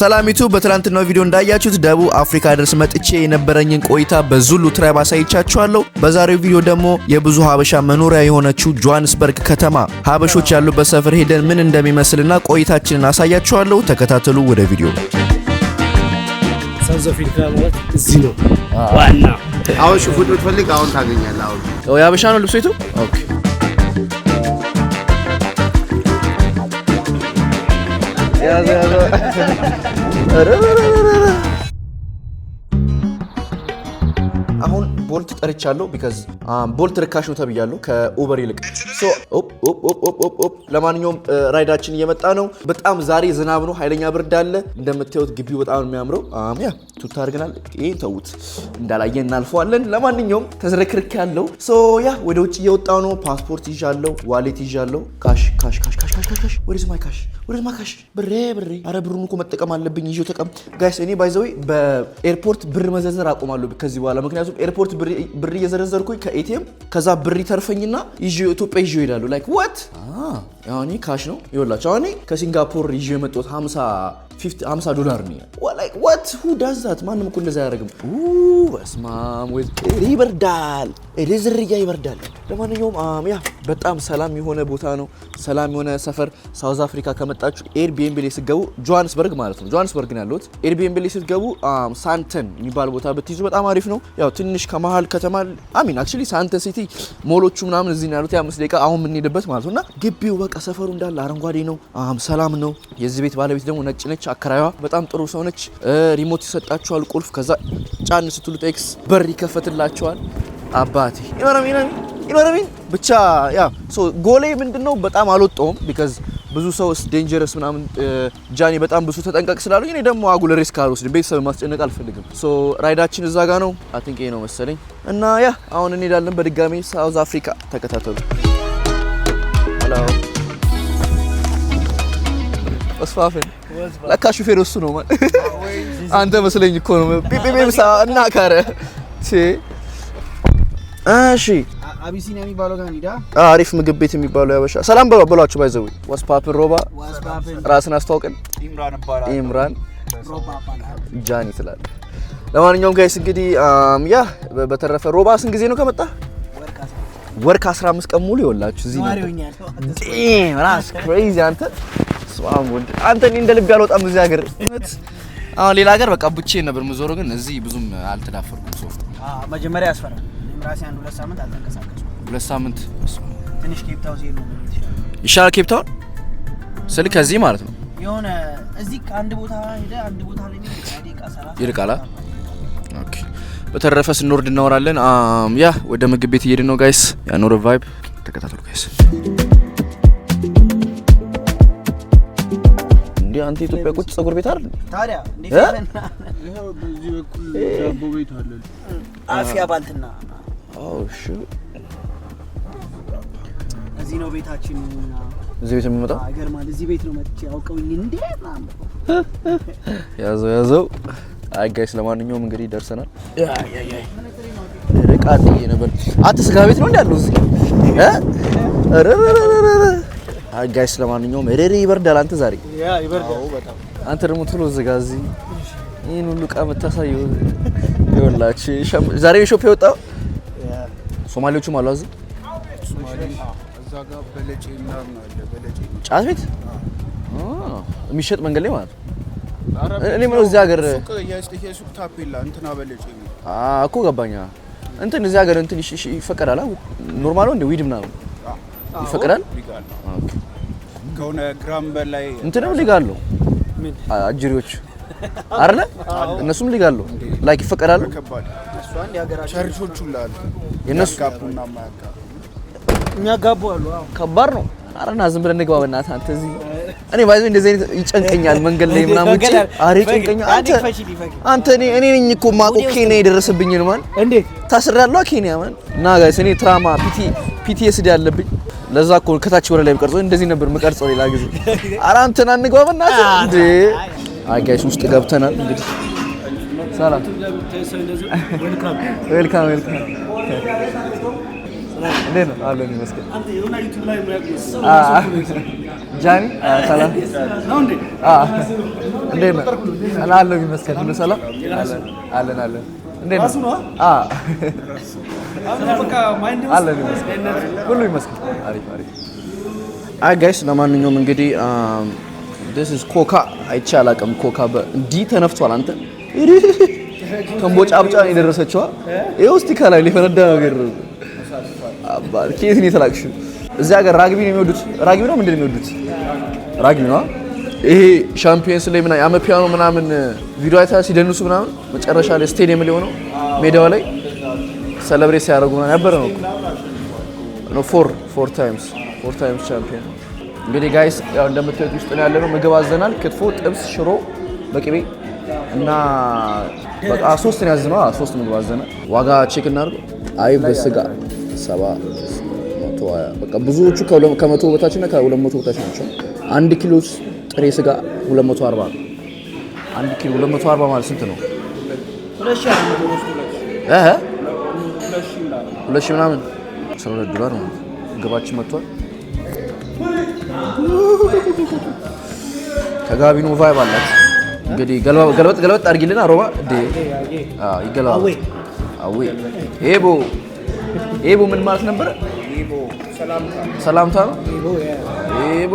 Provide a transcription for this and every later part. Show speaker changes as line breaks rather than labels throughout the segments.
ሰላሚቱ በትላንትናው ቪዲዮ እንዳያችሁት ደቡብ አፍሪካ ድረስ መጥቼ የነበረኝን ቆይታ በዙሉ ትራይብ አሳይቻችኋለሁ። በዛሬው ቪዲዮ ደግሞ የብዙ ሀበሻ መኖሪያ የሆነችው ጆሃንስበርግ ከተማ ሀበሾች ያሉበት ሰፈር ሄደን ምን እንደሚመስልና ቆይታችንን አሳያችኋለሁ። ተከታተሉ። ወደ ቪዲዮ
እዚህ ነው ዋና።
አሁን ሽፉድ ብትፈልግ አሁን ታገኛለህ።
አሁን ነው ልብሶ
ኦኬ Ya, ya,
ya. ቦልት ጠርቻለሁ። ቢካዝ um, ቦልት ርካሽ ነው ተብያለሁ ከኡበር ይልቅ። ለማንኛውም uh, ራይዳችን እየመጣ ነው። በጣም ዛሬ ዝናብ ነው፣ ኃይለኛ ብርድ አለ። እንደምታዩት ግቢው በጣም ነው የሚያምረው ያ um, ቱታ አድርገናል። ይህን ተዉት፣ እንዳላየ እናልፈዋለን። ለማንኛውም ተዝረክርክ ያለው ያ ወደ ውጭ እየወጣ ነው። ፓስፖርት ይዣለሁ፣ ዋሌት ይዣለሁ። ካሽ ካሽ ካሽ ካሽ ካሽ ወደዚ ማይ ካሽ ወደዚ ማይ ካሽ ብሬ ብሬ። አረ ብሩን እኮ መጠቀም አለብኝ። ይዤው ተቀም ጋይስ። እኔ ባይዘዌ በኤርፖርት ብር መዘርዘር አቆማለሁ ከዚህ በኋላ ምክንያቱም ኤርፖርት ብር እየዘረዘርኩኝ ከኤቲኤም ከዛ ብር ይተርፈኝና ይዤው ኢትዮጵያ ይዤው ይሄዳሉ። ላይክ ወት ካሽ ነው ይወላቸው። አሁን ከሲንጋፖር ይ የመጣሁት 50 50 ዶላር ነው። ዋት ሁ ዳዝ ዛት? ማንም እኮ እንደዛ አያደርግም። በስማም ወይ ይበርዳል፣ ዝርያ ይበርዳል። ለማንኛውም ያ um, በጣም ሰላም የሆነ ቦታ ነው፣ ሰላም የሆነ ሰፈር። ሳውዝ አፍሪካ ከመጣችሁ ኤርቢኤንቢ ላይ ስትገቡ፣ ጆሃንስበርግ ማለት ነው፣ ጆሃንስበርግ ነው ያለሁት። ኤርቢኤንቢ ላይ ስትገቡ ሳንተን um, የሚባል ቦታ ብትይዙ በጣም አሪፍ ነው። ያው ትንሽ ከመሀል ከተማ አሚን፣ አክቹዋሊ ሳንተን ሲቲ ሞሎቹ ምናምን እዚህ ነው ያሉት፣ የአምስት ደቂቃ አሁን የምንሄድበት ማለት ነው። እና ግቢው በቃ ሰፈሩ እንዳለ አረንጓዴ ነው፣ um, ሰላም ነው። የዚህ ቤት ባለቤት ደግሞ ነጭ ነች። ነች። አከራዩ በጣም ጥሩ ሰው ነች። ሪሞት ይሰጣችኋል፣ ቁልፍ። ከዛ ጫን ስትሉት ኤክስ በር ይከፈትላቸዋል። አባቴ ይኖረሚን ብቻ ያ ጎሌ ምንድነው በጣም አልወጣውም ቢካዝ ብዙ ሰው ዴንጀረስ ምናምን ጃኒ በጣም ብዙ ተጠንቀቅ ስላሉ እኔ ደግሞ አጉል ሪስክ አልወስድም። ቤተሰብ ማስጨነቅ አልፈልግም። ሶ ራይዳችን እዛ ጋ ነው። አይ ቲንክ ይሄ ነው መሰለኝ እና ያ አሁን እንሄዳለን በድጋሚ ሳውዝ አፍሪካ ተከታተሉ። ወስፋፍን ለካ ሹፌር እሱ ነው። ማለት አንተ መስለኝ እኮ ነው። ቢቢቢብሳ እና ካረ ቺ እሺ
አቢሲኒያ የሚባለው ጋር እንሂዳ።
አሪፍ ምግብ ቤት የሚባለው ያበሻ ሰላም ብሏችሁ ባይዘው ወስፓፕን ሮባ ራስን አስተዋውቅን። ኢምራን ኢምራን ጃኒ ትላል። ለማንኛውም ጋይስ እንግዲህ ያ በተረፈ ሮባ ስንት ጊዜ ነው ከመጣ? ወር 15 ቀን ሙሉ ይወላችሁ እዚህ ነው። ራስ ክሬዚ አንተ ወድ አንተ እኔ እንደ ልብ ያልወጣም እዚህ ሀገር። አሁን ሌላ ሀገር በቃ ብቼ ነበር ምዞሮ ግን እዚህ ብዙም አልተዳፈርኩም።
ሶፍት መጀመሪያ ያስፈራል። ራሴ አንድ ሁለት ሳምንት አልተንቀሳቀስኩም። ሁለት ሳምንት ትንሽ ኬፕታውን ሲሄድ ነው
ይሻላል። ኬፕታውን ስል ከዚህ ማለት ነው
የሆነ እዚህ ከአንድ ቦታ ሄደ አንድ ቦታ ላይ
ይርቃላ። ኦኬ። በተረፈ ስንወርድ እናወራለን። ያ ወደ ምግብ ቤት እየሄድን ነው ጋይስ። ያኖረ ቫይብ ተከታተሉ ጋይስ። እንዴ አንተ ኢትዮጵያ ቁጭ ጸጉር ቤት አይደል ታዲያ? ቤት
አለ አፍያ ባልትና። አዎ እሺ፣ እዚህ ነው ቤታችን። እዚህ ቤት የምመጣው ይገርማል። እዚህ ቤት ነው መጥቼ አውቀውኝ እንዴ
ያዘው ያዘው። አይ ጋይስ፣ ለማንኛውም እንግዲህ ደርሰናል። ያ ነበር። አንተ ስጋ ቤት ነው እንዴ እዚህ እ ጋይስ ለማንኛውም ሬሬ ይበርዳል። አንተ ዛሬ አንተ ደግሞ ቶሎ እዚህ እዚህ ይህን ሁሉ እቃ የምታሳየው ይኸውላችሁ፣ ዛሬ ሾፕ የወጣው ሶማሌዎቹም አሉ እዚህ ጫት ቤት የሚሸጥ መንገድ ላይ ማለት ነው። እኔ የምለው እዚህ ሀገር እኮ ገባኛ እንትን እዚህ ሀገር እንትን ይፈቀዳል። ኖርማል ወንድ ዊድ ምናምን ይፈቀዳል።
ከሆነ ግራም በላይ
እንትንም ሊግ አለው አጅሪዎች አይደለ? እነሱም ሊግ አለው ላይክ ይፈቀዳሉ። ቸርቾቹ የነሱ
የሚያጋቡ አሉ።
ከባድ ነው። አረና ዝም ብለን ንግባ በእናትህ አንተ እዚህ እኔ ባይዘው እንደዚህ አይነት ይጨንቀኛል። መንገድ ላይ ምናምን እንጂ አሬ ይጨንቀኛል። አንተ አንተ እኔ እኔ ነኝ እኮ ማቆ ኬንያ የደረሰብኝን ማለት እንዴት ታስሬያለሁ። ኬንያ ማለት እና ጋይስ እኔ ትራማ ፒቲ ፒቲኤስዲ አለብኝ። ለዛ እኮ ከታች ወደ ላይ ቀርጾ እንደዚህ ነበር የምቀርጸው። ሌላ ጊዜ ኧረ አንተን አንግባብና እንዴ! አይ ጋይስ ውስጥ ገብተናል እንግዲህ። ሰላም ዌልካም ዌልካም። እንዴት ነው አለን ይመስገን። ጃኒ ሰላም
እንዴት
ነው አለን ይመስገን። ሁሉ ሰላም አለን አለን ሁሉ ይመስላል። አሪፍ አሪፍ። አይ ጋይስ፣ ለማንኛውም እንግዲህ ስ ኮካ አይቼ አላውቅም። ኮካ እንዲህ ተነፍቷል። አንተ ተንቦጫብጫ ነው የደረሰችዋ። ይኸው እስኪ ከላይ የፈነዳ ነገር ኬት ነው የተላቅሽው? እዚህ ሀገር ራግቢ ነው የሚወዱት። ራግቢ ነው ምንድን ነው የሚወዱት? ራግቢ ነው ይሄ ሻምፒየንስ ላይ ምናምን አመፒያኖ ምናምን ቪዲዮ አይታ ሲደንሱ ምናምን መጨረሻ ላይ ስቴዲየም ላይ ሆነው ሜዳው ላይ ሰለብሬት ሲያደርጉ ምናምን ነበረ ነው ኖ ፎር ፎር ታይምስ ፎር ታይምስ ሻምፒየን። እንግዲህ ጋይስ ያው እንደምታዩት ውስጥ ነው ያለነው። ምግብ አዘናል። ክትፎ፣ ጥብስ፣ ሽሮ በቅቤ እና በቃ ሶስት ነው ያዝነው። ሶስት ምግብ አዘናል። ዋጋ ቼክ እናድርገው። አይ በስጋ ሰባ በቃ ብዙዎቹ ከመቶ በታች እና ከሁለት መቶ በታች ናቸው አንድ ኪሎ ጥሬ ስጋ 240 ነው። አንድ ኪሎ 240 ማለት ስንት ነው? እህ ሁለት ሺህ ምናምን 12 ዶላር ነው። ግባችን መጥቷል። ተጋቢኑ ቫይብ አላት። እንግዲህ ገልበጥ ገልበጥ አድርጊልን። አሮባ ይገለባል። ኤቦ ምን ማለት ነበር? ሰላምታ ነው። ኤቦ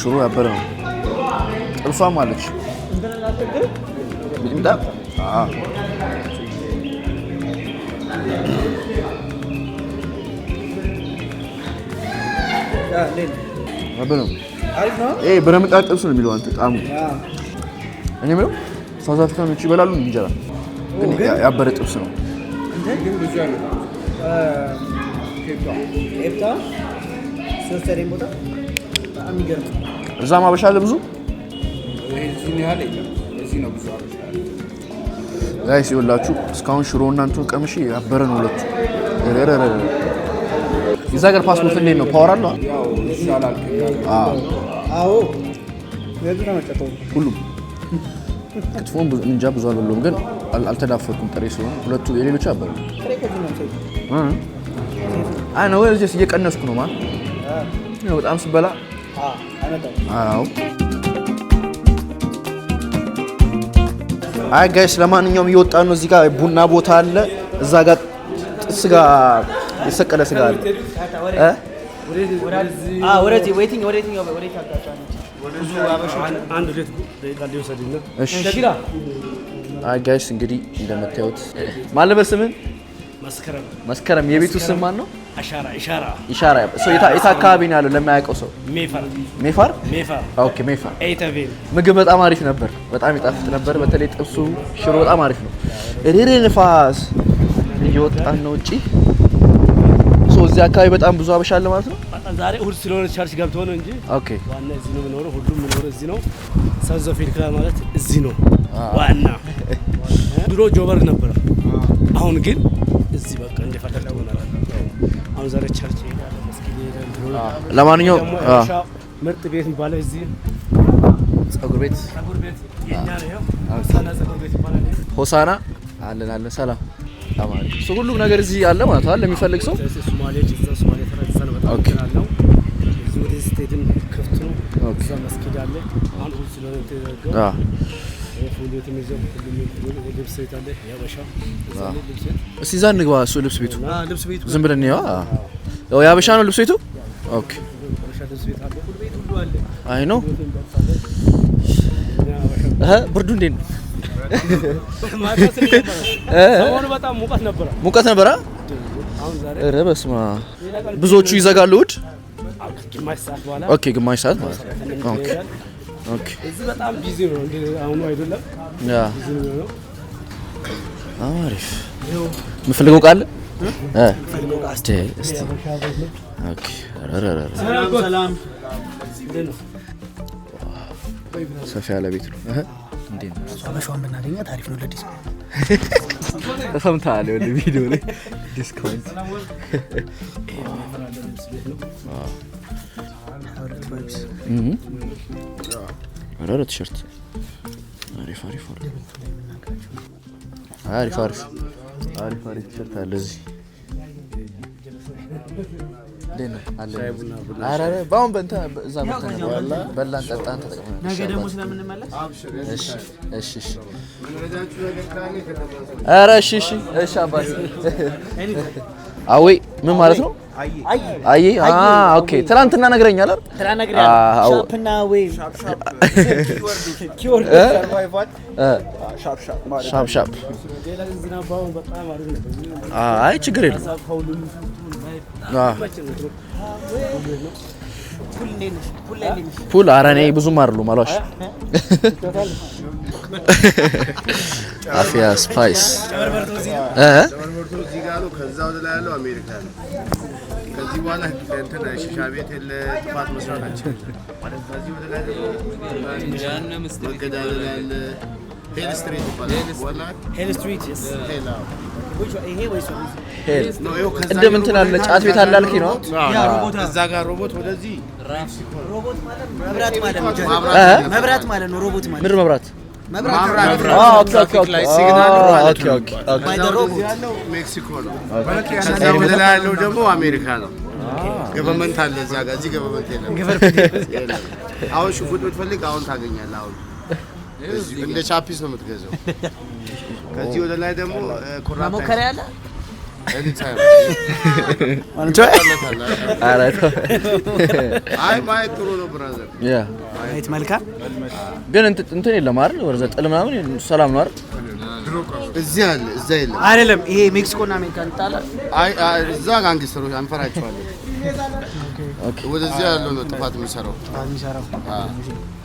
ሽሮ ያበረ ነው። ጥርሷም አለች በረመጣድ ጥብስ ነው የሚለው አንተ ጣሙ። እኔ የምለው ሳውዝ አፍሪካኖች ይበላሉ እንጀራ፣ ግን ያበረ ጥብስ ነው።
ሶስተኛ ቦታ የሚገርም
እዛም አበሻ አለ ብዙ ላይ ሲወላችሁ እስካሁን ሽሮ እንትን ቀምሼ ያበረ ነው ሁለቱ። የዛ ፓስፖርት እንዴት ነው? ፓወር አለው? አዎ ሁሉም ክትፎን እንጃ ብዙ አልበለውም፣ ግን አልተዳፈርኩም። ጥሬ ስለሆነ ሁለቱ የሌሎች አበረ ነው እየቀነስኩ ነው ማለት በጣም ስበላ አይ ጋይስ፣ ለማንኛውም እየወጣ ነው። እዚህ ጋር ቡና ቦታ አለ። እዛ ጋር ስጋ የሰቀለ ስጋ አለ። አይ ጋይስ፣ እንግዲህ እንደምታዩት ማለበስምን መስከረም፣ የቤቱ ስም ማን ነው?
ኢሻራ
የት አካባቢ ነው ያለው? ለማያውቀው ሰው ሜፋር ሜፋር ምግብ በጣም አሪፍ ነበር፣ በጣም ይጣፍጥ ነበር። በተለይ ጥብሱ፣ ሽሮ በጣም አሪፍ ነው። ሬሬ ንፋስ እየወጣን ነው ውጪ። እዚህ አካባቢ በጣም ብዙ አበሻ አለ ማለት ነው።
ዛሬ እሑድ ስለሆነ ቻርጅ ገብቶ ነው እንጂ ኦኬ፣ ዋና እዚህ ነው የምኖረው። ሁሉም የምኖረው እዚህ ነው። ሳውዝ አፍሪካ ማለት እዚህ ነው ዋና። ድሮ ጆበር ነበረ፣ አሁን ግን ዛሬ ቸርች ለማንኛውም ምርጥ ቤት የሚባለው እዚህ
ጸጉር ቤት ሆሳና አለን አለን ሰላም ሁሉም ነገር እዚህ አለ ማለት ሰው ኦኬ እስቲ እዛ እንግባ። እሱ ልብስ ቤቱ ዝም ብለን ያው የሀበሻ ነው ልብስ ቤቱ። ኦኬ አይ ነው ብርዱ እንዴት ነው? ሙቀት ነበረ። ኧረ በስመ አብ ብዙዎቹ ይዘጋሉ እሑድ። ኦኬ ግማሽ ሰዓት ማለት ነው። ኦኬ
እዚህ በጣም ቢዚ ነው። አሁኑ አይደለም
አሪፍ የምፈልገው ቃል ሰፊ ያለ ቤት ነው።
አበሻዋን ብናገኛት አሪፍ ነው።
ተሰምተሃል? ቪዲዮ ላይ ዲስካውንት ረረ mm-hmm. ቲሸርት አሪፍ አሪፍ አሪፍ አሪፍ አሪፍ አሪፍ ቲሸርት አለ እዚህ በአሁን እዛ በላን ጠጣን
ነገ ደግሞ ስለምንመለስ
ኧረ እሺ እሺ አባቴ ምን ማለት ነው? አይ ኦኬ፣ ትናንትና ነግረኛል አይደል?
ትናንትና ነግረኛል።
አይ ችግር ፑል ኧረ እኔ ብዙም አይደሉም አሏሽ። አፍያ ስፓይስ
ከዚህ በኋላ እንትን ሽሻ ቤት የለ ጥፋት መስራት አንችልም። ጫት ቤት አለ ነው። እዛ ጋር ሮቦት ወደዚህ መብራት ማለት ነው። ሮቦት ማለት
ምን መብራት
ሜክሲኮ ነው። ወደ ላይ ያለው ደግሞ አሜሪካ ነው። ገቨርመንት አለ እዛ ጋር። እዚህ ገቨርመንት የለም። አሁን ሽንኩርት ብትፈልግ አሁን ታገኛለህ። አሁን እንደ ቻፒስ ነው የምትገዛው። ከዚህ ወደ ላይ ደግሞ ሞከር ያለ ማየት መልካም
ግን እንትን የለም አይደል? ወረዘ ጥል ምናምን ሰላም ነው አይደል?
እዚህ አለ እዛ የለም አይደለም። ይሄ ሜክሲኮና አሜሪካን ይጣላል። እዛ ጋንግስተሮች አንፈራቸዋለን ወደዚያ ያለው ነው ጥፋት የሚሰራው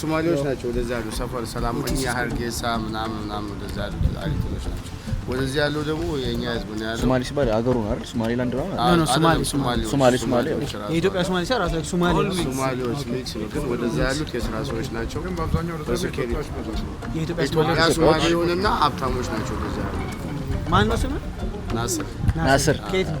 ሶማሌዎች ናቸው። ወደዚያ ያሉ ሰፈር ሰላም፣ እኛ ሀርጌሳ ምናምን ምናምን ወደዚያ ያሉ አሪቶች ናቸው። ወደዚህ ያለው ደግሞ የእኛ ህዝብ ነው ያለው።
ሶማሌ ሲባል አገሩ ነው አይደል? ሶማሌላንድ ነው ነው ሶማሌ ሶማሌ ሶማሌ
የኢትዮጵያ ሶማሌ ሲያ ራሱ ሶማሌ ሶማሌዎች ሚክስ ነው፣ ግን ወደዛ ያሉት የስራ ሰዎች ናቸው። የኢትዮጵያ ሶማሌ የሆነና ሀብታሞች ናቸው ወደዛ ያሉት። ማን ነው ስሙ? ናስር ናስር ከየት ነው?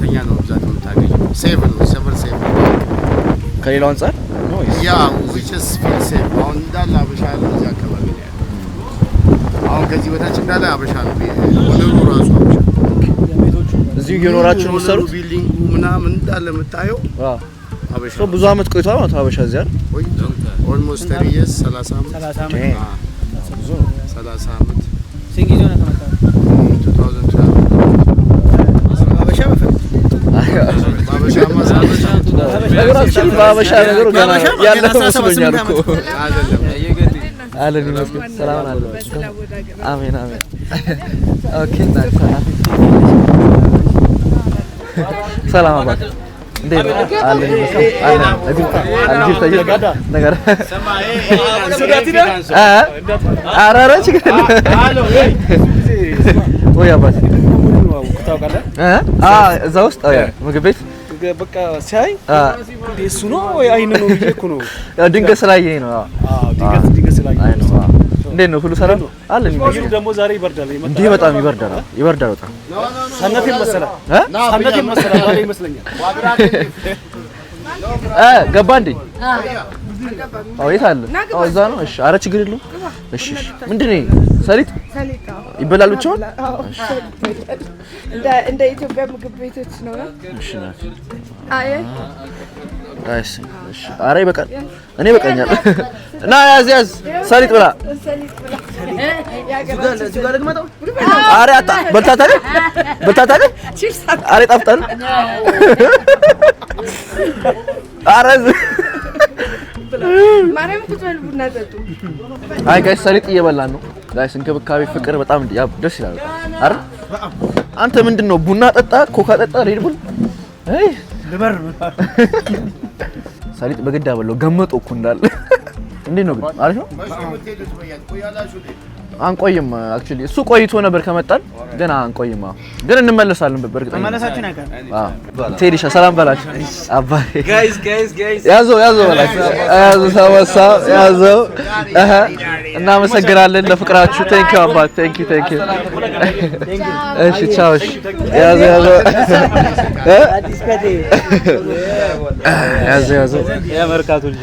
ሰልፈኛ ነው ብዛት የምታገኘው። ሴቭ ነው ሰቨር ሴቭ ነው ከሌላው አንጻር ያ ዊች ኢዝ ፊል ሴቭ። አሁን እንዳለ አበሻ ነው እዚህ አካባቢ ላይ ያለው። አሁን ከዚህ በታች እንዳለ አበሻ ነው። ወለሉ ራሱ አበሻ
እዚሁ እየኖራችሁ ነው የምትሰሩት?
ቢልዲንጉ ምናምን እንዳለ የምታየው
አበሻ ነው። ብዙ አመት ቆይቷል ማለት አበሻ እዚህ
አይደል? ኦልሞስት ተሪየስ 30 አመት
30 አመት
30 አመት ሲንጊዞ ነው ተመጣጣኝ 2000
ነገራችን በአበሻ ነገሩ ገና መስሎኛል እኮ አለን ይመስገን። ሰላም አለ። አሜን አሜን። ኦኬ ሰላም አባት እንዴት አለን ይመስገን። ነገር ኧረ ኧረ አባት ታውቃለህ? አዎ፣ እዛ ውስጥ ምግብ ቤት
በቃ ሲያይ እሱ ነው ነው
ነው። ሁሉ ሰላም አለ? በጣም ይበርዳል፣ ገባ እንዴ? አዎ፣ የት አለ? እዛ ነው። እሺ፣ ኧረ ችግር የለውም። እሺ። ምንድን ነው ሰሊጥ ይበላሉ ቻውን
እንደ ኢትዮጵያ ምግብ ቤቶች ነው።
እሺ አረ ይበቃል። እኔ ይበቃኛል። እና ያዝ ያዝ፣ ሰሊጥ ብላ። አረ አጣ በልታታል፣ በልታታል። አረ ጣፍጣል። አረዝ አይ ጋይስ ሰሊጥ እየበላን ነው ጋይስ። እንክብካቤ ፍቅር በጣም ደስ ይላል። አይደል አንተ ምንድን ነው ቡና ጠጣ፣ ኮካ ጠጣ፣ ሬድ ቡል አይ ልበር ሰሊጥ በግድ አበላው ገመጦ እኮ እንዳለ እንዴት ነው ግን አሪፍ ነው። አንቆይም። አክቹሊ እሱ ቆይቶ ነበር ከመጣን ግን አንቆይም። ግን እንመለሳለን። በእርግጥ ቴዲሻ ሰላም በላችሁ።
ጋይስ ጋይስ
ጋይስ እናመሰግናለን ለፍቅራችሁ። ቴንክ ዩ አባ ቴንክ ዩ ቴንክ ዩ። እሺ ቻው። እሺ ያዘው ያዘው ያዘው ያዘው
የመርካቱ ልጅ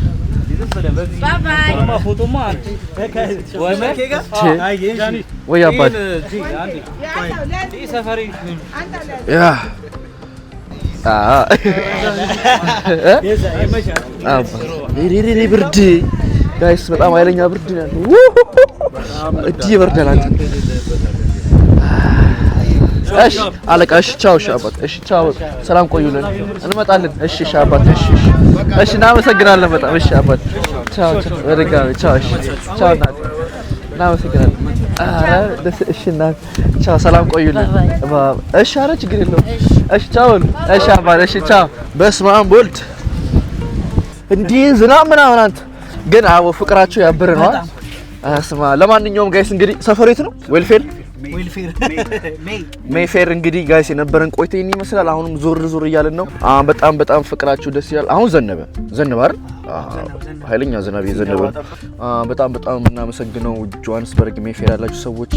ወይ አባት ብርድ ጋይስ፣ በጣም ኃይለኛ ብርድ ነው ያለው። እዲ ይበርዳል አንተ እሺ አለቃ። እሺ ቻው ሻባት። እሺ ቻው፣ ሰላም ቆዩልን፣ እንመጣለን። እሺ ሻባት። እሺ እሺ እሺ፣ እናመሰግናለን በጣም እሺ አባት። ቻው ቻው፣ በድጋሚ ቻው። እሺ ቻው፣ እናቴ እናመሰግናለን። እሺ፣ እናቴ ቻው፣ ሰላም ቆዩልን። እሺ፣ ኧረ ችግር የለውም። እሺ ቻው፣ እሺ አባት። እሺ ቻው። በስመ አብ ወልድ እንዲህ ዝናብ ምናምን አንተ ግን አዎ፣ ፍቅራቸው ያብር ነው። አስማ ለማንኛውም ጋይስ እንግዲህ ሰፈር ነው? ዌልፌል ሜይፌር እንግዲህ ጋይስ የነበረን ቆይታ ይህን ይመስላል። አሁንም ዞር ዞር እያልን ነው። በጣም በጣም ፍቅራችሁ ደስ ይላል። አሁን ዘነበ ዘነበ አይደል? ኃይለኛ ዝናብ የዘነበ በጣም በጣም የምናመሰግነው ጆሃንስበርግ ሜይፌር ያላችሁ ሰዎች